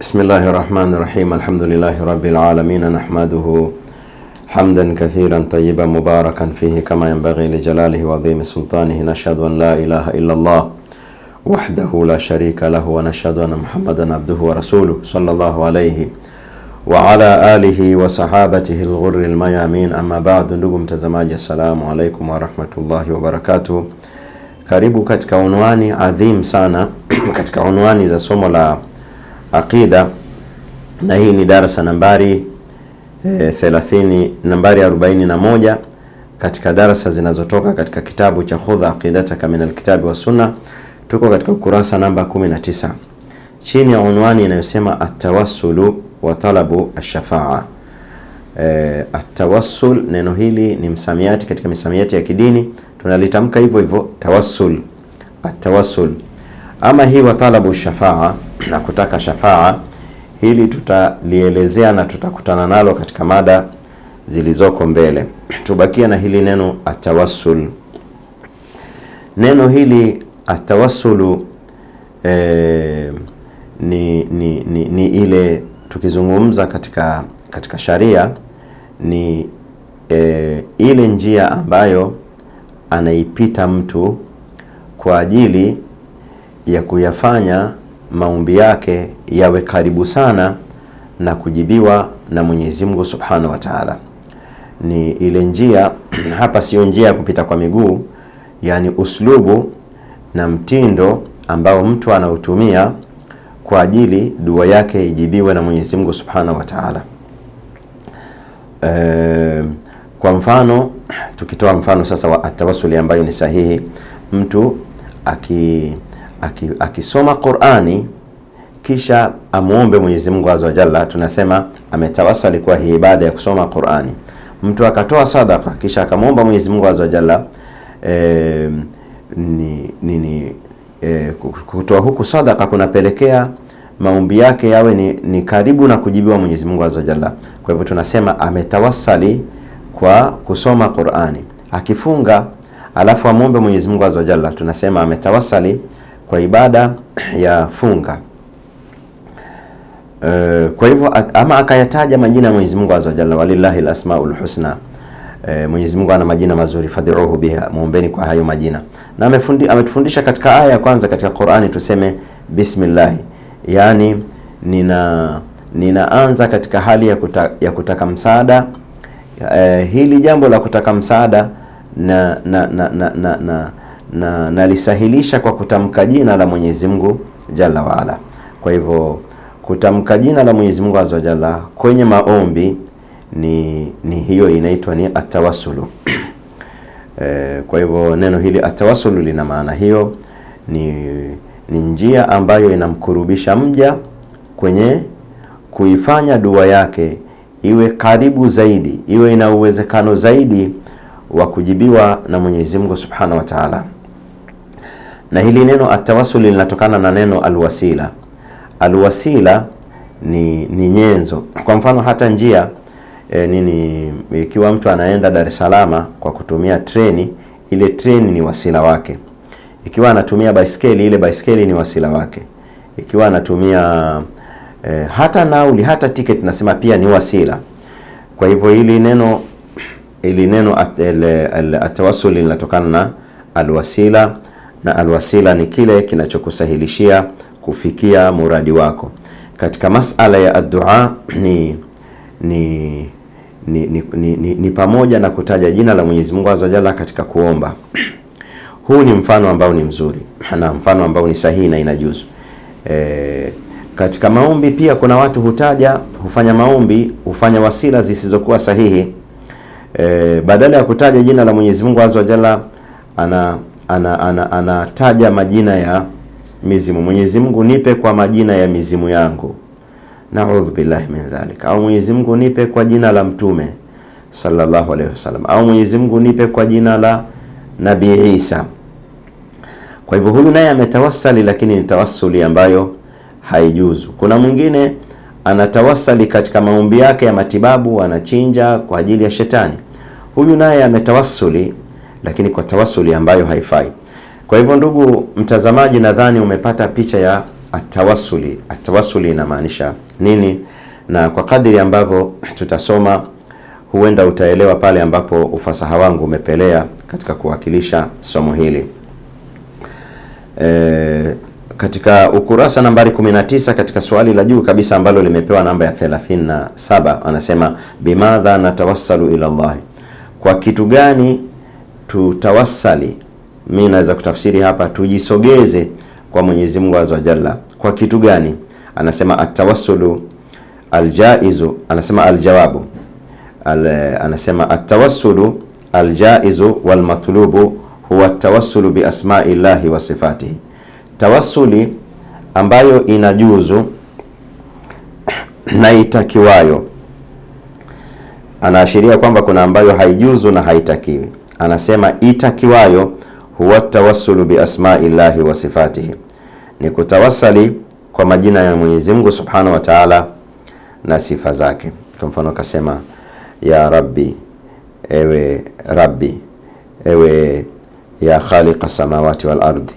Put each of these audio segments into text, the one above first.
بسم الله الرحمن الرحيم الحمد لله رب العالمين نحمده حمدا كثيرا طيبا مباركا فيه كما ينبغي لجلاله وعظيم سلطانه نشهد أن لا إله إلا الله وحده لا شريك له ونشهد أن محمدا عبده ورسوله صلى الله عليه وعلى آله وصحابته الغر الميامين أما بعد ndugu تزماج السلام عليكم ورحمه الله وبركاته كاريبو unwani عظيم سانا katika زا سومولا aqida, na hii ni darasa nambari e, eh, 30 nambari 41 katika darasa zinazotoka katika kitabu cha Khudha aqidataka min alkitabi wa sunna. Tuko katika ukurasa namba 19 chini ya unwani inayosema atawasulu wa talabu ashafaa. E, eh, atawassul neno hili ni msamiati katika misamiati ya kidini tunalitamka hivyo hivyo tawassul, atawassul ama hii wa talabu shafaa na kutaka shafaa, hili tutalielezea na tutakutana nalo katika mada zilizoko mbele. Tubakia na hili neno atawassul. Neno hili atawassulu e, ni, ni, ni, ni ile tukizungumza katika, katika sharia ni e, ile njia ambayo anaipita mtu kwa ajili ya kuyafanya maombi yake yawe karibu sana na kujibiwa na Mwenyezi Mungu Subhanahu wa Ta'ala. Ni ile njia hapa, sio njia ya kupita kwa miguu, yani uslubu na mtindo ambao mtu anautumia kwa ajili dua yake ijibiwe na Mwenyezi Mungu Subhanahu wa Ta'ala. E, kwa mfano tukitoa mfano sasa wa atawasuli ambayo ni sahihi, mtu aki akisoma Qur'ani kisha amuombe Mwenyezi Mungu azza wa jalla, tunasema ametawasali kwa hii ibada ya kusoma Qur'ani. Mtu akatoa sadaka kisha akamwomba Mwenyezi Mungu azza wa jalla e, ni, ni, e, kutoa huku sadaka kunapelekea maombi yake yawe ni, ni karibu na kujibiwa Mwenyezi Mungu azza wa jalla. Kwa hivyo tunasema ametawasali kwa kusoma Qur'ani. Akifunga alafu amwombe Mwenyezi Mungu azza wa jalla, tunasema ametawasali kwa ibada ya funga. E, kwa hivyo ama akayataja majina ya Mwenyezi Mungu azza wa jalla, walillahil asmaul husna E, Mwenyezi Mungu ana majina mazuri, fadhiruhu biha, muombeni kwa hayo majina. Na ametufundisha katika aya ya kwanza katika Qur'ani tuseme bismillah, yani nina ninaanza katika hali ya, kuta, ya kutaka msaada e, hili jambo la kutaka msaada na na na na, na, na, na nalisahilisha kwa kutamka jina la Mwenyezi Mungu Jalla waala. Kwa hivyo kutamka jina la Mwenyezi Mungu azza jalla kwenye maombi ni, ni hiyo inaitwa ni atawasulu e, eh, kwa hivyo neno hili atawasulu lina maana hiyo, ni, ni njia ambayo inamkurubisha mja kwenye kuifanya dua yake iwe karibu zaidi, iwe ina uwezekano zaidi wa kujibiwa na Mwenyezi Mungu Subhanahu wa Ta'ala na hili neno atawasul linatokana na neno alwasila. Alwasila ni, ni nyenzo. Kwa mfano hata njia e, nini, ikiwa mtu anaenda Dar es Salaam kwa kutumia treni, ile treni ni wasila wake. Ikiwa anatumia baiskeli, ile baiskeli ni wasila wake. Ikiwa anatumia e, hata nauli, hata tiketi nasema pia ni wasila. Kwa hivyo hili neno ili neno atawasul linatokana na alwasila na alwasila ni kile kinachokusahilishia kufikia muradi wako. Katika masala ya addua ni ni ni, ni, ni, ni, ni pamoja na kutaja jina la Mwenyezi Mungu Azza Jalla katika kuomba. Huu ni mfano ambao ni mzuri na mfano ambao ni sahihi na inajuzu. E, katika maombi pia kuna watu hutaja, hufanya maombi, hufanya wasila zisizokuwa sahihi. E, badala ya kutaja jina la Mwenyezi Mungu Azza Jalla ana anataja ana, ana, ana majina ya mizimu. Mwenyezi Mungu nipe kwa majina ya mizimu yangu, naudhu billahi min dhalik. Au Mwenyezi Mungu nipe kwa jina la mtume sallallahu alaihi wasallam, au Mwenyezi Mungu nipe kwa jina la Nabii Isa. Kwa hivyo huyu naye ametawasali, lakini ni tawassuli ambayo haijuzu. Kuna mwingine anatawasali katika maombi yake ya matibabu, anachinja kwa ajili ya shetani. Huyu naye ametawasuli lakini kwa tawasuli ambayo haifai. Kwa hivyo, ndugu mtazamaji, nadhani umepata picha ya atawasuli. Atawasuli inamaanisha nini? Na kwa kadiri ambavyo tutasoma huenda utaelewa pale ambapo ufasaha wangu umepelea katika kuwakilisha somo hili. E, katika ukurasa nambari 19 katika swali la juu kabisa ambalo limepewa namba ya 37 anasema bimadha natawassalu ila Allah, kwa kitu gani tutawasali, mimi naweza kutafsiri hapa, tujisogeze kwa Mwenyezi Mungu azza jalla. Kwa kitu gani? Anasema atawasulu aljaizu, anasema aljawabu al, anasema atawasulu aljaizu walmatlubu huwa tawassulu bi asma'i llahi wa sifatihi, tawassuli ambayo inajuzu na itakiwayo. Anaashiria kwamba kuna ambayo haijuzu na haitakiwi anasema itakiwayo huwa tawassulu bi asmaillahi wa sifatihi, ni kutawasali kwa majina ya Mwenyezi Mungu Subhanahu wa Ta'ala na sifa zake. Kwa mfano akasema ya Rabbi, ewe Rabbi, ewe ya khaliqa samawati wal ardi,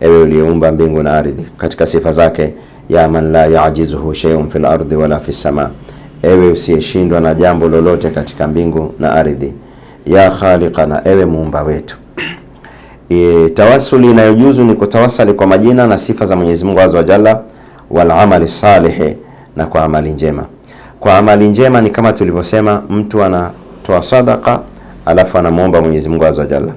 ewe uliyeumba mbingu na ardhi. Katika sifa zake ya man la yaajizuhu shay'un fil ardi wala fis sama, ewe usiyeshindwa na jambo lolote katika mbingu na ardhi ya khaliqana, ewe muumba wetu. E, tawasuli inayojuzu ni kutawasali kwa majina na sifa za Mwenyezi Mungu azza wa jalla, wal amali salih, na kwa amali njema. Kwa amali njema ni kama tulivyosema, mtu anatoa sadaka alafu anamuomba Mwenyezi Mungu azza wa jalla,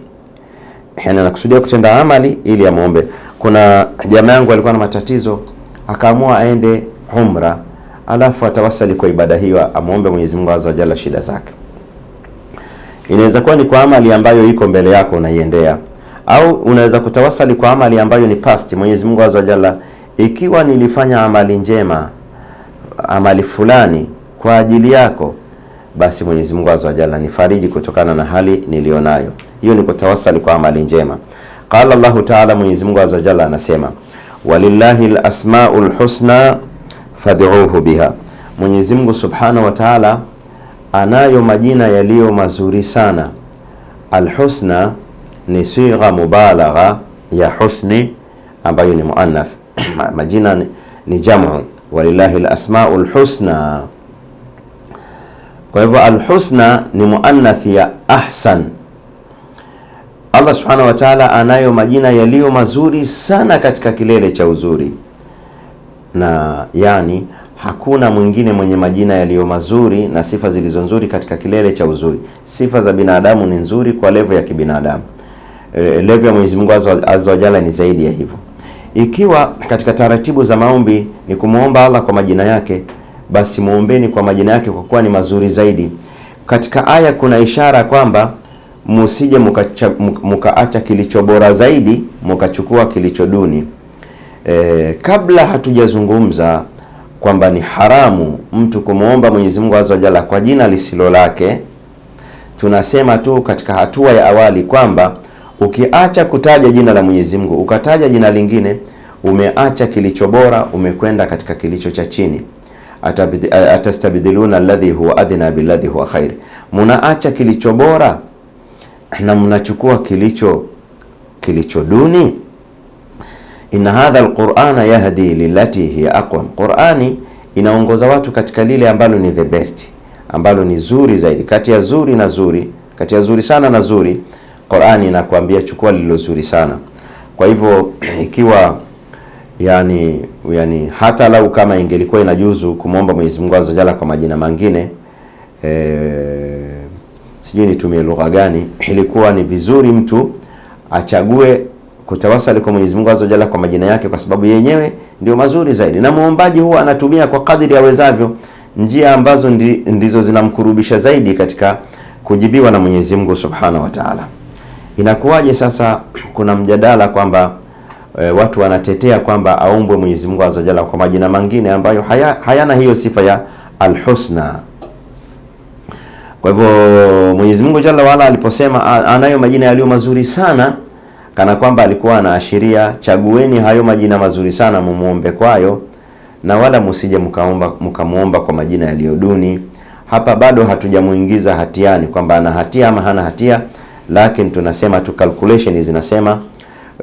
yani anakusudia kutenda amali ili amuombe. Kuna jamaa yangu alikuwa na matatizo, akaamua aende umra, alafu atawasali kwa ibada hiyo, amuombe Mwenyezi Mungu azza wa jalla shida zake. Inaweza kuwa ni kwa amali ambayo iko mbele yako unaiendea, au unaweza kutawasali kwa amali ambayo ni past. Mwenyezi Mungu azza jalla, ikiwa nilifanya amali njema, amali fulani kwa ajili yako, basi Mwenyezi Mungu azza jalla nifariji kutokana na hali nilionayo. Hiyo ni kutawasali kwa amali njema. Qala Allahu taala, Mwenyezi Mungu azza jalla anasema walillahi alasmaul husna fad'uhu biha, Mwenyezi Mungu subhanahu wa taala anayo majina yaliyo mazuri sana. Alhusna ni sigha mubalagha ya husni ambayo ni muannath majina ni jamu, walillahi alasmaul husna. Kwa hivyo alhusna ni muannath ya ahsan. Allah subhanahu wa ta'ala anayo majina yaliyo mazuri sana katika kilele cha uzuri na yani Hakuna mwingine mwenye majina yaliyo mazuri na sifa zilizo nzuri katika kilele cha uzuri. Sifa za binadamu ni nzuri kwa levo ya kibinadamu. E, levo ya Mwenyezi Mungu azza wa jalla ni zaidi ya hivyo. Ikiwa katika taratibu za maombi ni kumwomba Allah kwa majina yake, basi muombeni kwa majina yake kwa kuwa ni mazuri zaidi. Katika aya kuna ishara kwamba musije mukaacha kilicho bora zaidi mukachukua kilicho duni. E, kabla hatujazungumza kwamba ni haramu mtu kumwomba Mwenyezi Mungu Azza Jalla kwa jina lisilo lake, tunasema tu katika hatua ya awali kwamba ukiacha kutaja jina la Mwenyezi Mungu ukataja jina lingine, umeacha kilicho bora, umekwenda katika kilicho cha chini. Eh, Atastabdiluna alladhi huwa adhna billadhi huwa khair, munaacha kilicho bora na mnachukua kilicho kilicho duni inna hadha alqur'ana yahdi lilati hiya aqwam, Qur'ani inaongoza watu katika lile ambalo ni the best, ambalo ni zuri zaidi, kati ya zuri na zuri, kati ya zuri sana na zuri. Qur'ani inakuambia chukua lilo zuri sana. Kwa hivyo ikiwa yani, yani hata lau kama ingelikuwa inajuzu kumwomba Mwenyezi Mungu azza jalla kwa majina mengine e, eh, sijui nitumie lugha gani, ilikuwa ni vizuri mtu achague kutawasali kwa Mwenyezi Mungu Azza Jalla kwa majina yake, kwa sababu yenyewe ndio mazuri zaidi, na muombaji huwa anatumia kwa kadiri awezavyo njia ambazo ndi, ndizo zinamkurubisha zaidi katika kujibiwa na Mwenyezi Mungu Subhanahu wa Ta'ala. Inakuwaje sasa, kuna mjadala kwamba e, watu wanatetea kwamba aumbwe Mwenyezi Mungu Azza Jalla kwa majina mengine ambayo haya, hayana hiyo sifa ya Al-Husna. Kwa hivyo Mwenyezi Mungu Jalla waala aliposema anayo majina yaliyo mazuri sana kana kwamba alikuwa anaashiria, chagueni hayo majina mazuri sana mumuombe kwayo, na wala musije mkaomba mkamuomba kwa majina yaliyo duni Hapa bado hatujamuingiza hatiani kwamba ana hatia ama hana hatia, lakini tunasema tu calculation zinasema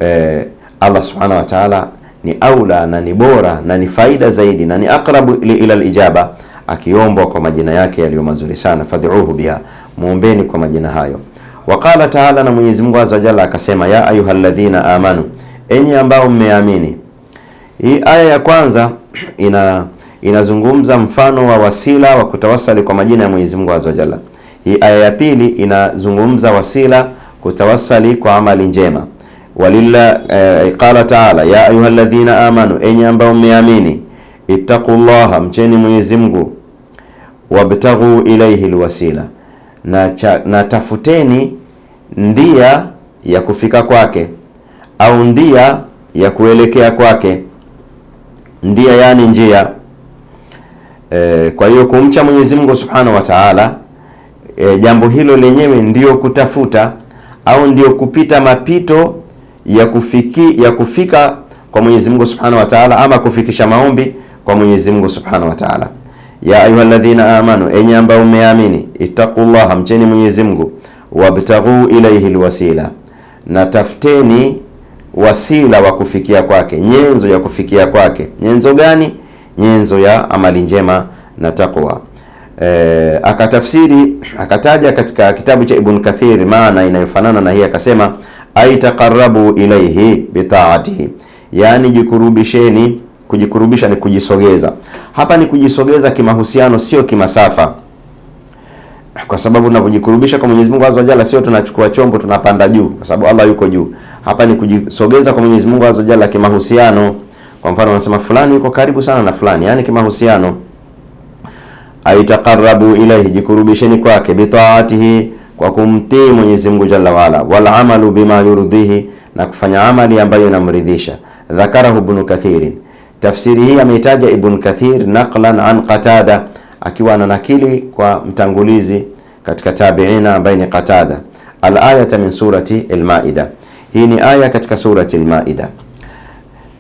eh, Allah subhanahu wa ta'ala ni aula na ni bora na ni faida zaidi na ni akrabu ila alijaba akiombwa kwa majina yake yaliyo mazuri sana. Fadhiuhu biha, muombeni kwa majina hayo. Waqala taala, na Mwenyezi Mungu azza jalla akasema, ya ladhina amanu, enyi ambao mmeamini. Hii aya ya kwanza ina inazungumza mfano wa wasila wa kutawasali kwa majina ya Mwenyezi Mungu azza jalla. Hii aya ya pili inazungumza wasila kutawasali kwa amali njema. Walilla eh, qala taala ya ayyuhalladhina amanu, enyi ambao mmeamini, ittaqullaha, mcheni Mwenyezi Mungu, wabtaghu ilayhi alwasila na, cha, na tafuteni ndia ya kufika kwake au ndia ya kuelekea kwake. Ndia yani njia e. Kwa hiyo kumcha Mwenyezi Mungu Subhanahu wa Ta'ala, e, jambo hilo lenyewe ndio kutafuta au ndio kupita mapito ya kufiki, ya kufika kwa Mwenyezi Mungu Subhanahu wa Ta'ala ama kufikisha maombi kwa Mwenyezi Mungu Subhanahu wa Ta'ala ya ayuhaladhina amanu, enye ambao mmeamini, ittaqullaha, mcheni Mwenyezi Mungu, wabtaghuu ilaihi lwasila, na tafuteni wasila wa kufikia kwake, nyenzo ya kufikia kwake. Nyenzo gani? Nyenzo ya amali njema na taqwa. E, akatafsiri akataja katika kitabu cha Ibn Kathir maana inayofanana na hii, akasema aitaqarabu ilaihi bitaatihi, yani jikurubisheni Kujikurubisha ni kujisogeza. Hapa ni kujisogeza kimahusiano, sio kimasafa, kwa sababu tunapojikurubisha kwa Mwenyezi Mungu Azza Jalla sio tunachukua chombo tunapanda juu, kwa sababu Allah yuko juu. Hapa ni kujisogeza kwa Mwenyezi Mungu Azza Jalla kimahusiano. Kwa mfano, unasema fulani yuko karibu sana na fulani, yani kimahusiano. Aitaqarrabu ilayhi, jikurubisheni kwake, bitaatihi, kwa kumtii Mwenyezi Mungu Jalla waala, wal amalu bima yurdhihi, na kufanya amali ambayo inamridhisha. Dhakarahu Ibn Kathirin Tafsiri hii ameitaja Ibn Kathir naqlan an Qatada, akiwa ananakili nakili kwa mtangulizi katika tabiina ambaye ni Qatada, al-ayata min surati al-Maida. Hii ni aya katika surati al-Maida.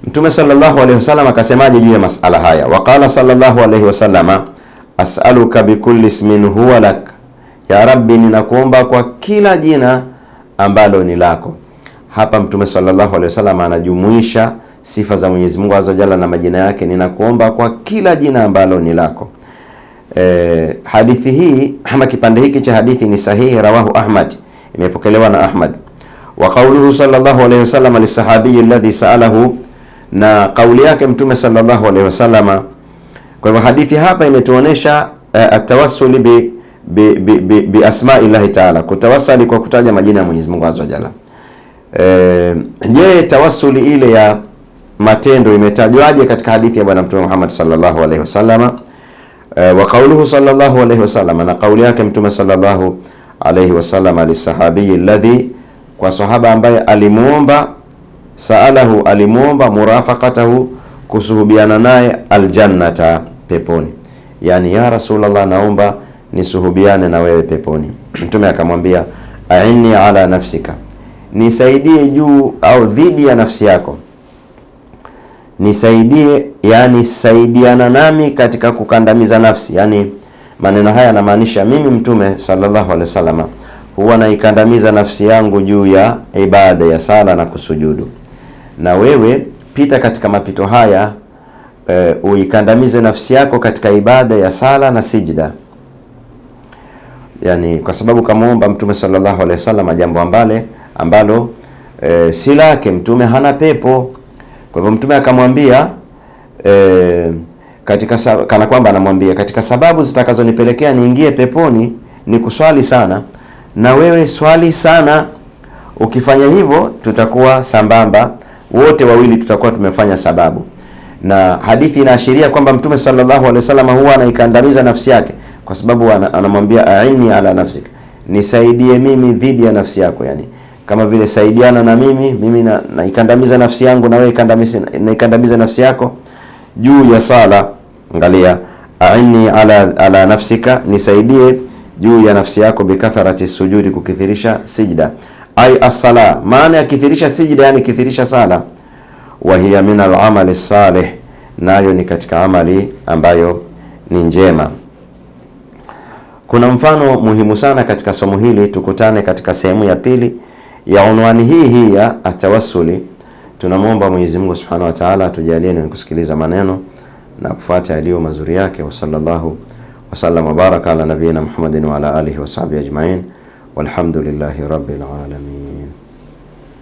Mtume sallallahu alayhi wasallam akasemaje juu ya masala haya? Waqala sallallahu alayhi wasallam, as'aluka bikulli ismin huwa lak, ya Rabbi, ninakuomba kwa kila jina ambalo ni lako. Hapa Mtume sallallahu alayhi wasallam anajumuisha sifa za Mwenyezi Mungu azza jalla na majina yake, ninakuomba kwa kila jina ambalo ni lako. E, hadithi hii ama kipande hiki cha hadithi ni sahihi, rawahu Ahmad, imepokelewa na Ahmad. Wa qauluhu sallallahu alayhi wasallam lisahabiyi alladhi saalahu, na kauli yake Mtume sallallahu alayhi wasallam. Kwa hivyo hadithi hapa imetuonesha uh, e, atawasuli bi bi, bi, bi, bi asmaillahi taala, kutawasali kwa kutaja majina ya Mwenyezi Mungu azza jalla. E, je, tawassuli ile ya matendo imetajwaje katika hadithi ya Bwana Mtume Muhammad sallallahu alaihi wasallam, e, eh, wa kauluhu sallallahu alaihi wasallam, na kauli yake Mtume sallallahu alaihi wasallam lisahabii alladhi, kwa sahaba ambaye alimuomba saalahu, alimuomba murafaqatahu, kusuhubiana naye aljannata, peponi. Yani ya Rasulullah, naomba nisuhubiane na wewe peponi. Mtume akamwambia aini ala nafsika, nisaidie juu au dhidi ya nafsi yako nisaidie, yani saidiana nami katika kukandamiza nafsi. Yani maneno haya yanamaanisha mimi Mtume sallallahu alaihi wasallam huwa naikandamiza nafsi yangu juu ya ibada ya sala na kusujudu, na wewe pita katika mapito haya e, uikandamize nafsi yako katika ibada ya sala na sijida yani kwa sababu kamwomba Mtume sallallahu alaihi wasallam jambo ambale ambalo e, si lake. Mtume hana pepo kwa hivyo mtume akamwambia e, katika kana kwamba anamwambia katika sababu zitakazonipelekea niingie peponi ni kuswali sana, na wewe swali sana. Ukifanya hivyo tutakuwa sambamba wote wawili, tutakuwa tumefanya sababu. Na hadithi inaashiria kwamba mtume sallallahu alaihi wasallam huwa anaikandamiza nafsi yake, kwa sababu anamwambia aini ala nafsik nisaidie mimi dhidi ya nafsi yako yani kama vile saidiana na mimi, mimi naikandamiza na nafsi yangu na wewe naikandamiza nafsi yako juu ya sala. Angalia, aini ala, ala nafsika, nisaidie juu ya nafsi yako, bikathrati sujudi, kukithirisha sijda, ai as maana ya kithirisha sijda, yani kithirisha sala. Wa hiya min al-amali salih, nayo ni katika amali ambayo ni njema. Kuna mfano muhimu sana katika somo hili, tukutane katika sehemu ya pili ya unwani hii hii ya atawasuli, tunamwomba Mwenyezi Mungu Subhanahu wa Ta'ala atujalie na kusikiliza maneno na kufuata yaliyo mazuri yake. wa sallallahu wa sallam baraka ala nabiyina Muhammadin wa ala alihi wa sahbihi ajma'in walhamdulillahi rabbil alamin.